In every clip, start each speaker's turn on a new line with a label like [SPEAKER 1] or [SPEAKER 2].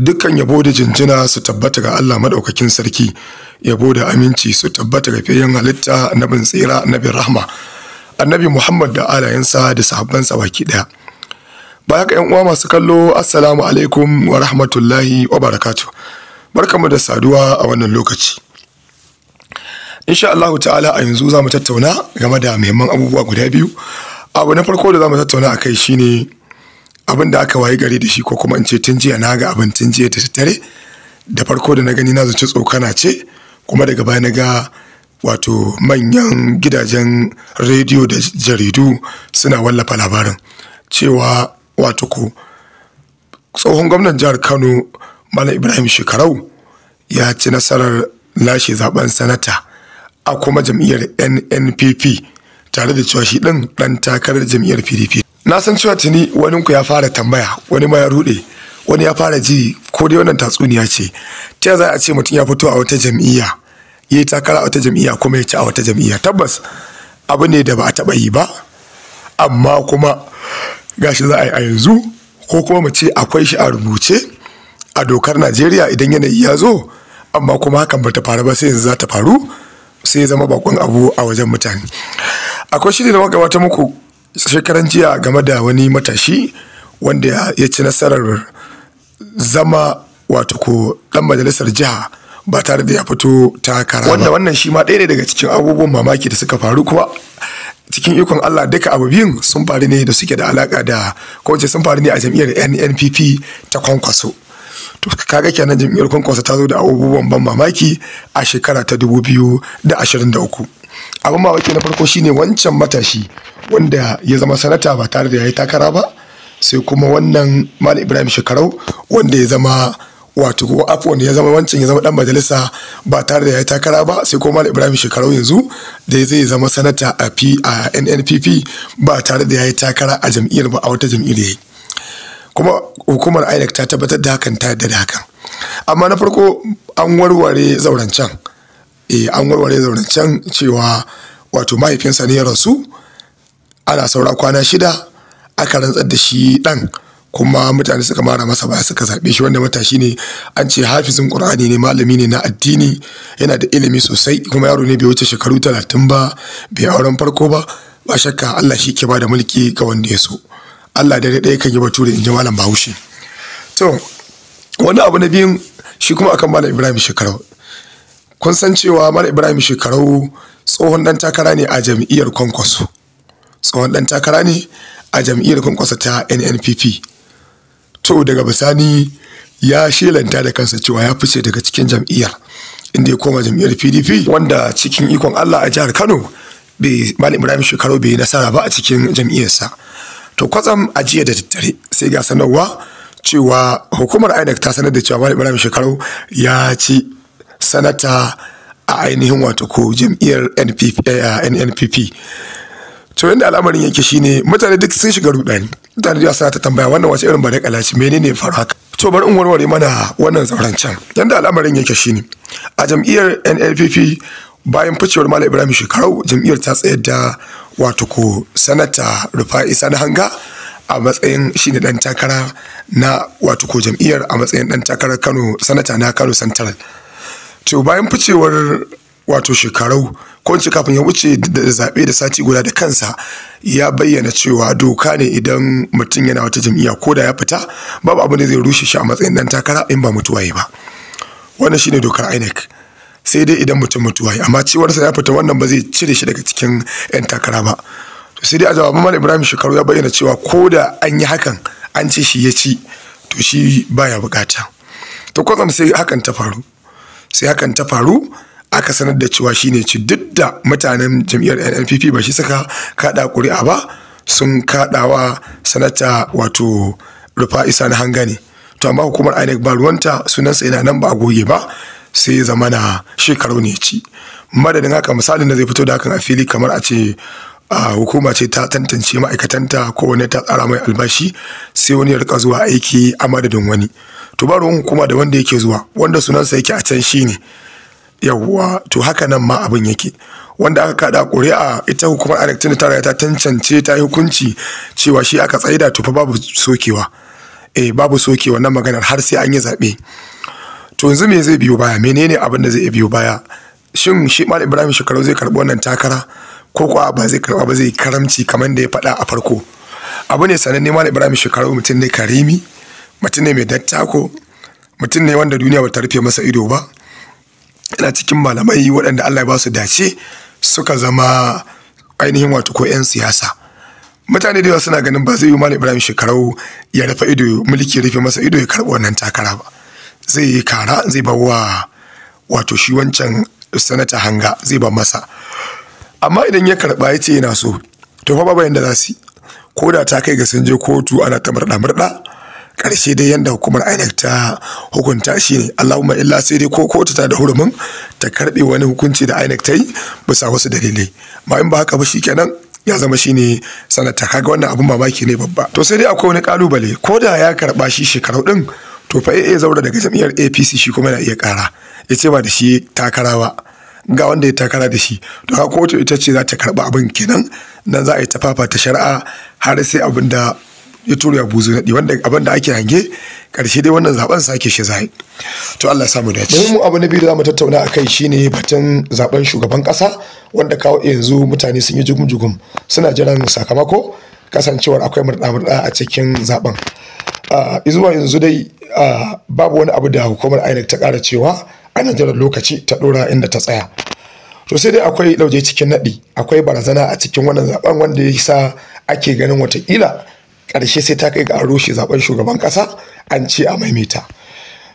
[SPEAKER 1] dukkan yabo da jinjina su tabbata ga Allah madaukakin sarki yabo da aminci su tabbata ga fiyan halitta na annabin tsira bin rahma annabi Muhammad da alayensa da sahabbansa baki daya baya ga yan uwa masu kallo assalamu alaikum wa rahmatullahi wa barakatuh barkamu da saduwa a wannan lokaci insha Allah ta'ala a yanzu zamu tattauna game da muhimman abubuwa guda biyu abu na farko da zamu tattauna akai shine abin da aka wayi gari da shi ko kuma in ce tun jiya na ga abin tun jiya da tattare da farko da na gani na zance tsokana ce kuma daga baya na ga wato manyan gidajen rediyo da jaridu suna wallafa labarin cewa wato ku tsohon gwamnan jihar kano malam ibrahim shekarau ya ci nasarar lashe zaben sanata a kuma jam'iyyar nnpp tare da cewa shi ɗin ɗan takarar jam'iyyar pdp na san cewa tuni wani ku ya fara tambaya wani ma ya rude wani ya fara ji ko dai wannan tatsuniya ce ta za a ce mutum ya fito a wata jam'iyya ya yi takara a wata jam'iyya kuma ya ci a wata jam'iyya tabbas abu ne da ba a taba yi ba amma kuma gashi za a yi a yanzu ko kuma mu ce akwai shi a rubuce a dokar najeriya idan yanayi ya zo amma kuma hakan bata faru ba sai yanzu za ta faru sai ya zama bakon abu a wajen mutane akwai shiri da magabata muku shekaran jiya game da wani matashi wanda ya ci nasarar zama wato ko dan majalisar jiha ba tare da ya fito takara ba wanda wannan shi ma ɗaya ne daga cikin abubuwan mamaki da suka faru kuma cikin ikon Allah duka abu biyun sun faru ne da suke da alaka da ko sun faru ne a jam'iyyar NNPP ta kwankwaso to kaga kenan jam'iyyar kwankwaso ta zo da abubuwan ban mamaki a shekara ta 2023 abin mamaki na farko shine wancan matashi wanda ya zama sanata ba tare da ya yi takara ba sai kuma wannan malam ibrahim shekarau wanda ya zama wato ko afon ya zama wancan ya zama dan majalisa ba tare da ya yi takara ba sai kuma malam ibrahim shekarau yanzu da zai zama sanata a nnpp ba tare da ya yi takara a jam'iyyar ba a wata jam'iyyar ya yi kuma hukumar inec ta tabbatar da hakan ta yadda da hakan amma na farko an warware can. Eh, an warware can cewa wato mahaifinsa ne ya rasu ana saura kwana shida aka rantsar da shi ɗan kuma mutane suka mara masa baya suka zaɓe shi wanda matashi ne an ce hafizin ƙur'ani ne malami ne na addini yana da ilimi sosai kuma yaro ne bai wuce shekaru talatin ba bai auren farko ba ba shakka Allah shi ke bada mulki ga wanda ya so Allah da ɗaya kan yi bature in ji malam Bahaushe to wani abu na biyun shi kuma akan malam Ibrahim Shekarau kun san cewa malam Ibrahim Shekarau tsohon dan takara ne a jam'iyyar Kwankwaso tsohon ɗan takara ne a jam'iyyar kwankwasa ta nnpp to daga bisani ya shelanta da kansa cewa ya fice daga cikin jam'iyyar inda ya koma jam'iyyar pdp wanda cikin ikon allah a jihar kano malam ibrahim shekaru bai nasara ba a cikin jam'iyyarsa to kwatsam a jiya da daddare sai ga sanarwa cewa hukumar inec ta sanar da cewa malam ibrahim shekaru ya ci sanata a ainihin wato ko jam'iyyar NNPP. to yanda al'amarin yake shine mutane duk sun shiga rudani mutane da sa ta tambaya wannan wace irin bare kalaci menene faru haka to bari in warware mana wannan can. yanda al'amarin yake shine a jam'iyyar NLPP bayan ficewar Malam Ibrahim Shekarau jam'iyyar ta tsayar da wato ko sanata Rufa'i Sanahanga a matsayin shi dan takara na wato ko jam'iyyar a matsayin dan takarar Kano sanata na Kano Central to bayan ficewar wato shekarau ko kafin ya wuce da zaɓe da sati guda da kansa ya bayyana cewa doka ne idan mutum yana wata jam'iyya ko da ya fita babu abin da zai rushe shi a matsayin dan takara in ba mutuwaye ba wannan shine dokar INEC sai dai idan mutum mutuwaye amma ciwarsa ya fita wannan ba zai cire shi daga cikin 'yan takara ba to sai dai a jawabin malam ibrahim shekaru ya bayyana cewa ko da an yi hakan an ce shi ya ci to shi baya bukata to kwatsam sai hakan ta faru sai hakan ta faru aka sanar da cewa shine ci duk da mutanen jam'iyyar nnpp ba shi suka kada kuri'a ba sun kadawa sanata wato rufa'i sani ne. to amma hukumar inec ba ruwanta sunansa yana nan ba a goge ba sai zamana zama na shekaru ne ci madadin haka misalin da zai fito da hakan a fili kamar a ce hukuma ce ta tantance ma'aikatanta kowane ta tsara mai albashi sai wani ya rika zuwa aiki a madadin wani to ba ruwan hukuma da wanda yake zuwa wanda sunansa yake a can shine ne yawwa to haka nan ma abin yake wanda aka kada ƙuri'a ita hukumar anek ta ta tantance ta yi hukunci cewa shi aka tsaida to fa babu sokewa eh babu sokewa Nan maganar har sai an yi zaɓe to yanzu me zai biyo baya menene abin da zai biyo baya shin shi mal ibrahim shekaru zai karɓi wannan takara ko kuwa ba zai karɓa ba zai karamci kamar da ya faɗa a farko abu ne sananne mal ibrahim shekaru mutum ne karimi mutum ne mai dattako mutum ne wanda duniya ba ta rufe masa ido ba yana cikin malamai waɗanda Allah ya ba su dace suka zama ainihin wato ko 'yan siyasa mutane da yawa suna ganin ba zai yi malam ibrahim shekarau ya rufe ido mulki rufe masa ido ya karɓi wannan takara ba zai yi kara zai ba wa wato shi wancan sanata hanga zai ba masa amma idan ya karɓa ya ce yana so to fa babu za su ko da ta kai ga sun je kotu ana ta murɗa murɗa karshe dai yanda hukumar INEC ta hukunta shi ne Allahumma illa sai dai ko kotu ta da hurumin ta karbe wani hukunci da INEC ta yi bisa wasu dalilai ma in ba haka ba shikenan ya zama shine sanata kaga wannan abin mamaki ne babba to sai dai akwai wani kalubale ko da ya karba shi shekarau din to fa ya zaura daga jami'ar APC shi kuma yana iya kara ya ce ba da shi takara ba ga wanda ya takara da shi to haka kotu ita ce za ta karba abin kenan nan za a yi tafafa ta shari'a har sai abin da ya turo ya buzu naɗi wanda abin da ake hange karshe dai wannan zaben sake shi zai to Allah ya samu dace mun abu na biyu da zamu tattauna akai shine batun zaben shugaban kasa wanda kawo yanzu mutane sun yi jugum-jugum suna jiran sakamako kasancewar akwai murda murda a cikin zaben zuwa yanzu dai babu wani abu da hukumar INEC ta kara cewa ana jiran lokaci ta ɗora inda ta tsaya to sai dai akwai lauje cikin naɗi akwai barazana a cikin wannan zaben wanda ya sa ake ganin watakila ƙarshe sai ta kai ga aro rushe zaɓen shugaban ƙasa an ce a maimaita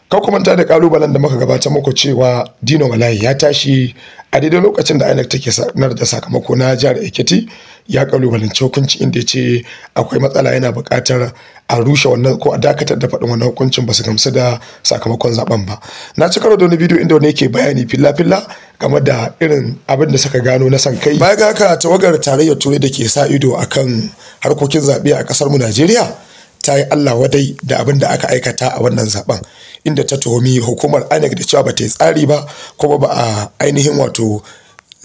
[SPEAKER 1] kar ku da ƙalubalen da muka gabata muku cewa dino malayi ya tashi a daidai lokacin da inec take sanar da sakamako na jihar ekiti ya kalubalanci hukunci inda ya ce akwai matsala yana bukatar a rushe wannan ko a dakatar da faɗin wannan hukuncin ba su gamsu da sakamakon zaben ba na ci karo da wani bidiyo inda wani yake bayani filla-filla game da irin abin da suka gano na san kai baya ga haka tawagar tarayyar turai da ke sa ido akan harkokin zaɓe a ƙasar mu najeriya ta yi Allah wadai da abin da aka aikata a wannan zaben inda ta tuhumi hukumar INEC da cewa ba ta yi tsari ba kuma ba a ainihin wato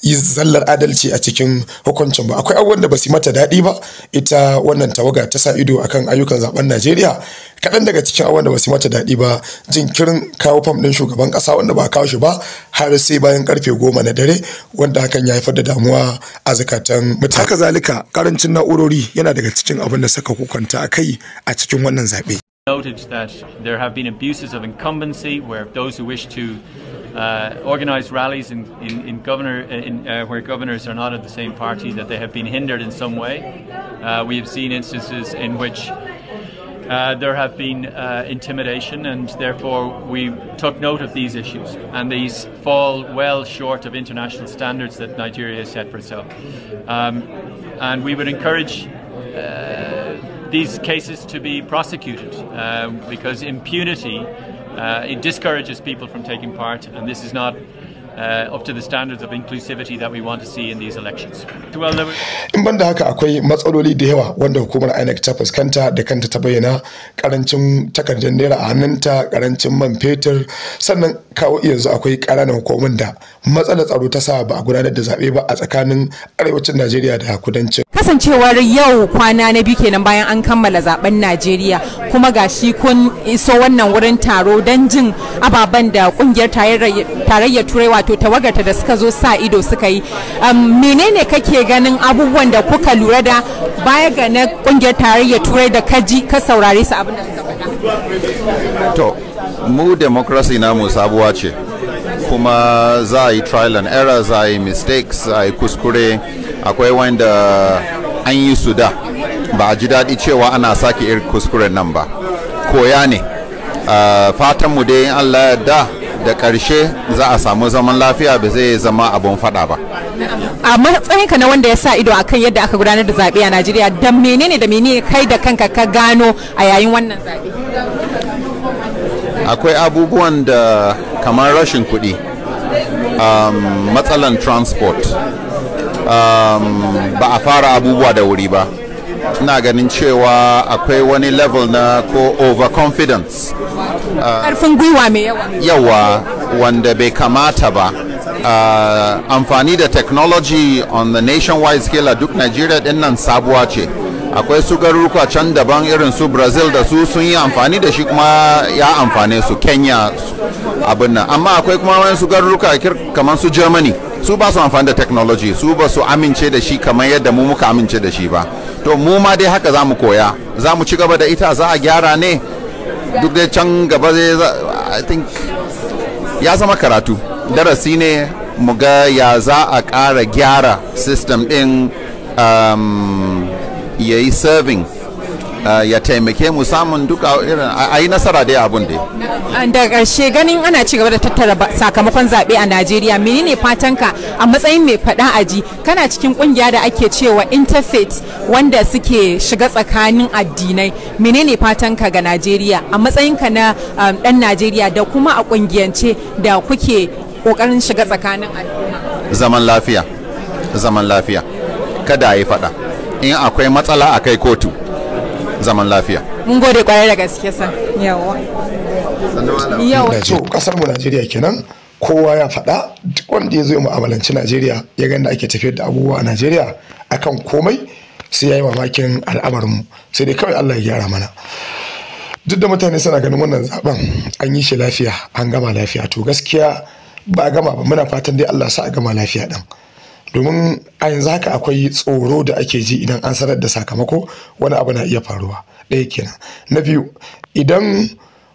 [SPEAKER 1] yi zallar adalci a cikin hukuncin ba akwai abubuwan da ba su mata daɗi ba ita wannan tawaga ta sa ido akan ayyukan zaben najeriya kaɗan daga cikin abubuwan da ba su mata daɗi ba jinkirin kawo fam ɗin shugaban ƙasa wanda ba kawo shi ba har sai bayan karfe goma na dare wanda hakan ya haifar da damuwa a zakatan mutane haka zalika karancin na'urori yana daga cikin abin da saka kukanta a kai a cikin wannan zaɓe
[SPEAKER 2] noted that there have been abuses of incumbency where those who wish to Uh, organised rallies in, in, in governor in, uh, where governors are not of the same party that they have been hindered in some way. Uh, we have seen instances in which uh, there have been uh, intimidation, and therefore we took note of these issues. And these fall well short of international standards that Nigeria has set for itself. Um, and we would encourage these cases to be prosecuted uh, because impunity uh, it discourages people from taking part, and this is not Uh, up to the standards of inclusivity that we want to see in these elections.
[SPEAKER 1] In banda haka akwai matsaloli da yawa wanda hukumar INEC ta fuskanta da kanta ta bayyana karancin takardar naira a hannunta karancin man fetur sannan kawo yanzu akwai ƙananan hukumar da matsalar tsaro ta sa ba a gudanar da zaɓe ba a tsakanin arewacin Najeriya da kudancin.
[SPEAKER 3] Kasancewar yau kwana na biyu kenan bayan an kammala zaben Najeriya kuma gashi kun iso wannan wurin taro don jin ababen da kungiyar tarayyar turai wato da suka zo sa ido suka yi menene kake ganin abubuwan da kuka lura da baya ga na kungiyar tarayyar turai da kaji ka saurare su abin da
[SPEAKER 1] suka
[SPEAKER 2] mu democracy namu sabuwa ce kuma za a yi trial and error za a yi mistakes a yi kuskure akwai wanda an yi su da ba a ji daɗi cewa ana sake irin kuskuren nan ba koya ne ah, fatanmu dai in allah da da ƙarshe za a samu zaman lafiya ba zai zama abun faɗa ba
[SPEAKER 3] a matsayinka na wanda ya sa ido akan yadda aka gudanar da zaɓe a najeriya da menene da menene kai da kanka ka gano a yayin wannan zaɓe
[SPEAKER 2] akwai abubuwan da kamar rashin kuɗi um, matsalan transport um, ba a fara abubuwa da wuri ba ina ganin cewa akwai wani level na ko overconfidence ah,
[SPEAKER 3] karfin gwiwa mai yawa yawa
[SPEAKER 2] wanda bai kamata ba ah, amfani da technology on the nationwide scale a duk nigeria din nan sabuwa ce akwai su garuruka can daban irin su brazil da su sun yi amfani da shi kuma ya amfane su kenya abin nan amma akwai kuma wani su garuruka kamar su germany su ba su amfani da technology su ba su amince da shi kamar yadda mu muka amince da shi ba to mu ma dai haka za mu koya za mu ci gaba da ita za a gyara ne duk da can gaba zai think ya zama karatu darasi ne mu ga ya za a kara gyara system din um, ya yi serving Ah, ya taimake mu samun duka irin a yi nasara dai abun dai.
[SPEAKER 3] Ah, da ƙarshe ganin ana ci gaba da tattara sakamakon zaɓe a Najeriya menene fatanka a matsayin mai faɗa aji kana cikin ƙungiya da ake cewa interfaith wanda suke shiga tsakanin addinai menene fatanka ga Najeriya a matsayinka na um, ɗan Najeriya da kuma a ƙungiyance da kuke ƙoƙarin shiga tsakanin
[SPEAKER 2] Zaman lafiya, zaman lafiya, kada a yi faɗa. In akwai matsala a kai kotu. zaman lafiya
[SPEAKER 3] mun gode kwarai da gaske sa yawa
[SPEAKER 1] yawa kasar mu Najeriya kenan kowa ya faɗa duk wanda ya zo ya mu'amalanci Najeriya ya ganda ake tafiyar da abubuwa a Najeriya akan komai sai ya yi mamakin mu sai dai kawai Allah ya gyara mana duk da mutane suna ganin wannan zaben an yi shi lafiya an gama lafiya to gaskiya ba gama ba muna fatan dai Allah sa a gama lafiya din domin a yanzu haka akwai tsoro da ake ji idan an sanar da sakamako wani abu na iya faruwa ɗaya kenan na biyu idan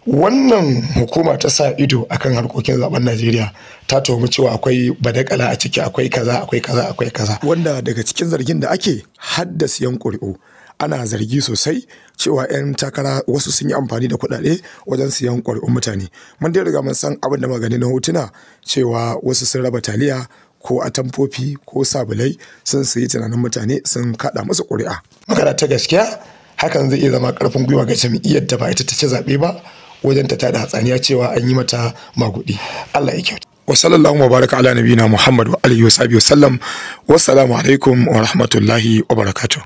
[SPEAKER 1] wannan hukuma ta sa ido akan harkokin zaben najeriya ta tuhumi cewa akwai badakala a ciki akwai kaza akwai kaza akwai kaza wanda daga cikin zargin da ake haddasa yan kuri'u ana zargi sosai cewa 'yan takara wasu sun yi amfani da kuɗaɗe wajen siyan ƙwarƙun mutane mun dai riga mun san abin da magani na hotuna cewa wasu sun raba taliya ko atamfofi ko sabulai sun sayi tunanin mutane sun kada masa ƙuri'a magana ta gaskiya hakan zai iya zama ƙarfin gwiwa ga jam'iyyar da ba ita ta ci zaɓe ba wajen ta tada hatsaniya cewa an yi mata maguɗi Allah ya kyauta wa wa baraka ala nabiyina muhammad wa alihi wa sahbihi wa sallam wassalamu alaikum wa rahmatullahi wa barakatuh